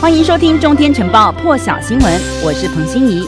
歡迎收聽《中天晨報》破曉新聞，我是彭欣怡。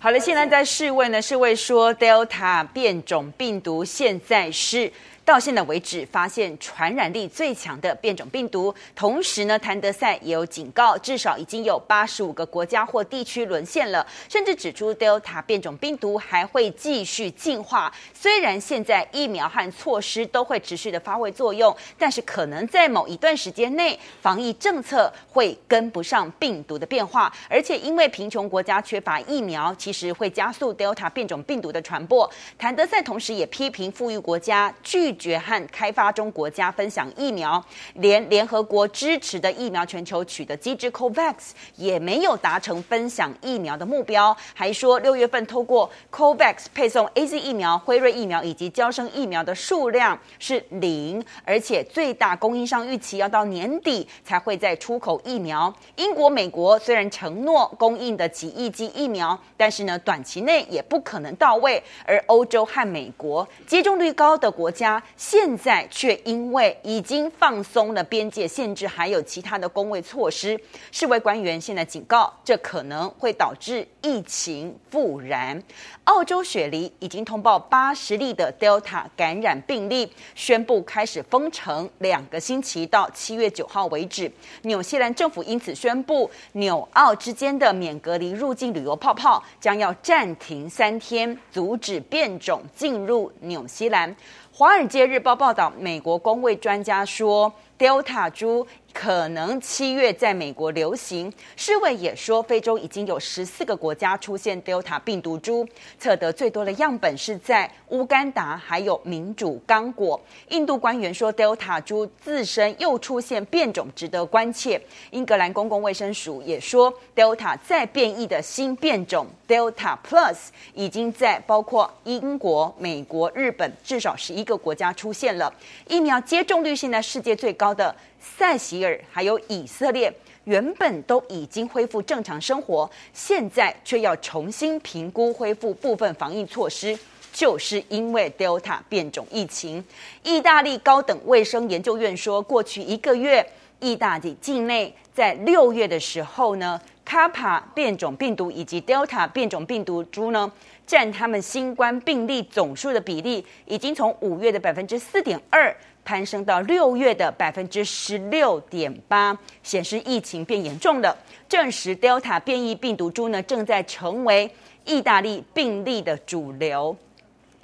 好了，現在在世衛呢，世衛說 Delta 變種病毒現在是，到現在為止，發現傳染力最強的變種病毒。同時呢，譚德塞也有警告，至少已經有八十五個國家或地區淪陷了。甚至指出，Delta 變種病毒還會繼續進化。雖然現在疫苗和措施都會持續的發揮作用，但是可能在某一段時間內，防疫政策會跟不上病毒的變化。而且，因為貧窮國家缺乏疫苗，其實會加速 Delta 變種病毒的傳播。譚德塞同時也批評，富裕國家拒絕和開發中國家分享疫苗，連聯合國支持的疫苗全球取得機制 COVAX 也沒有達成分享疫苗的目標。還說六月份透過 COVAX 配送 AZ 疫苗、輝瑞疫苗以及嬌生疫苗的數量是零，而且最大供應商預期要到年底才會再出口疫苗。英國、美國雖然承諾供應的幾億劑疫苗，但是呢，短期內也不可能到位。而歐洲和美國，接種率高的國家。現在卻因為已經放鬆了邊界限制，還有其他的公衛措施，世衛官員現在警告，這可能會導致疫情復燃。澳洲雪梨已經通報八十例的 Delta 感染病例，宣布開始封城兩個星期，到七月九號為止。紐西蘭政府因此宣布，紐澳之間的免隔離入境旅遊泡泡將要暫停三天，阻止變種進入紐西蘭。《華爾街日報》報道，美國公衛專家說。Delta 株可能七月在美國流行。世衛也說，非洲已經有十四個國家出現 Delta 病毒株，測得最多的樣本是在烏干達，還有民主剛果。印度官員說，Delta 株自身又出現變種，值得關切。英格蘭公共衛生署也說，Delta 再變異的新變種 Delta Plus 已經在包括英國、美國、日本至少十一個國家出現了。疫苗接種率現在世界最高的塞席爾還有以色列原本都已經恢復正常生活，現在卻要重新評估恢復部分防疫措施，就是因為 Delta 變種疫情。意大利高等衛生研究院說，過去一個月，意大利境內在六月的時候呢，Kappa 變種病毒以及 Delta 變種病毒株呢，占他們新冠病例總數的比例已經從五月的百分之四點二。攀升到六月的百分之十六點八，顯示疫情變嚴重了，證實 Delta 變異病毒株呢正在成為意大利病例的主流。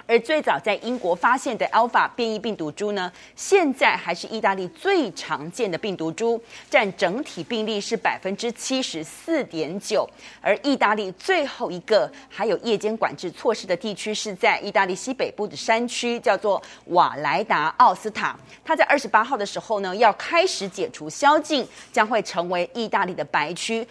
而最早在英國發現的 Alpha 變異病毒株呢，現在還是意大利最常見的病毒株，佔整體病例是百分之七十四點九。而意大利最後一個還有夜間管制措施的地區是在意大利西北部的山區，叫做瓦萊達奧斯塔。它在二十八號的時候呢，要開始解除宵禁，將會成為意大利的白區。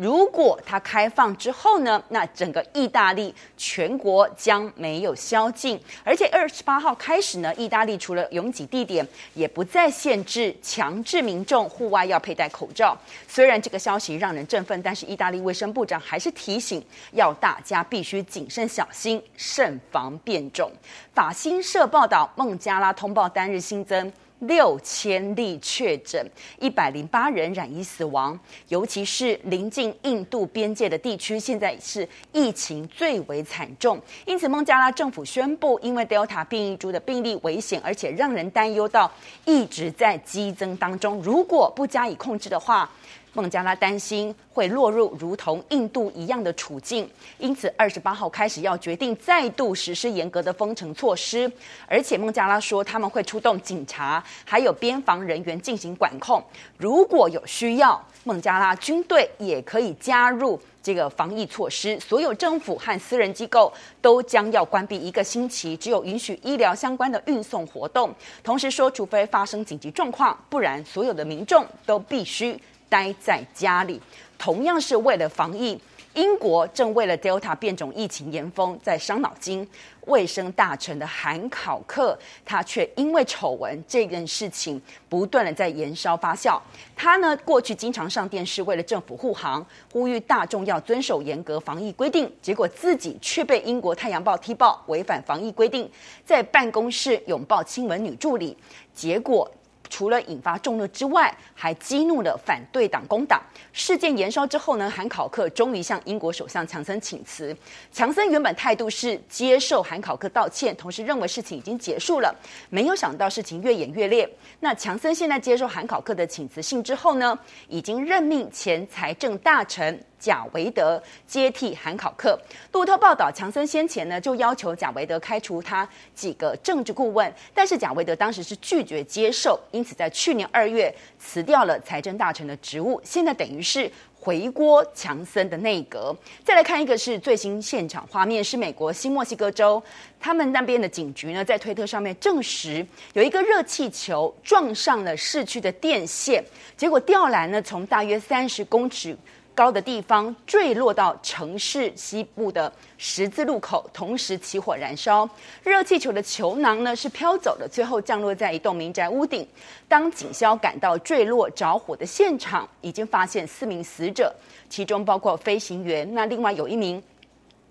如果它開放之後呢，那整個意大利全國將沒有宵禁，而且二十八號開始呢，意大利除了擁擠地點，也不再限制強制民眾戶外要佩戴口罩。雖然這個消息讓人振奮，但是意大利衛生部長還是提醒，要大家必須謹慎小心，慎防變種。法新社報道，孟加拉通報單日新增。六千例確診，一百零八人染疫死亡。尤其是臨近印度邊界的地區，現在是疫情最為慘重。因此，孟加拉政府宣布，因為 Delta 變異株的病例危險，而且讓人擔憂到一直在激增當中。如果不加以控制的話，孟加拉擔心會落入如同印度一樣的處境，因此二十八號開始要決定再度實施嚴格的封城措施。而且孟加拉說他們會出動警察，還有邊防人員進行管控。如果有需要，孟加拉軍隊也可以加入這個防疫措施。所有政府和私人機構都將要關閉一個星期，只有允許醫療相關的運送活動。同時說，除非發生緊急狀況，不然所有的民眾都必須。待在家裡，同樣是為了防疫。英國正為了 Delta 變種疫情延封，在傷腦筋。衛生大臣的韓考克，他卻因為醜聞這件、個、事情，不斷的在延燒發酵。他呢，過去經常上電視為了政府護航，呼籲大眾要遵守嚴格防疫規定，結果自己卻被英國太陽報踢爆違反防疫規定，在辦公室擁抱親吻女助理，結果。除了引發眾怒之外，還激怒了反對黨工黨。事件延燒之後呢，韓考克終於向英國首相強森請辭。強森原本態度是接受韓考克道歉，同時認為事情已經結束了。沒有想到事情越演越烈。那強森現在接受韓考克的請辭信之後呢，已經任命前財政大臣。賈維德接替韓考克。路透報道，強森先前呢就要求賈維德開除他幾個政治顧問，但是賈維德當時是拒絕接受，因此在去年二月辭掉了財政大臣的職務。現在等於是回鍋強森的內閣。再來看一個是最新現場畫面，是美國新墨西哥州，他們那邊的警局呢在推特上面證實，有一個熱氣球撞上了市區的電線，結果吊籃呢從大約三十公尺。高的地方墜落到城市西部的十字路口，同時起火燃燒。熱氣球的球囊呢是飄走的，最後降落在一棟民宅屋頂。當警消趕到墜落着火的現場，已經發現四名死者，其中包括飛行員。那另外有一名。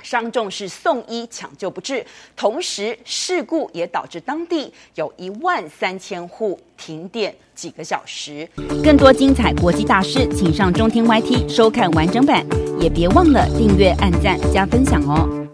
傷重是送醫搶救不治，同時事故也導致當地有一萬三千戶停電幾個小時。更多精彩國際大事，請上中天 YT 收看完整版，也別忘了訂閱、按讚、加分享哦。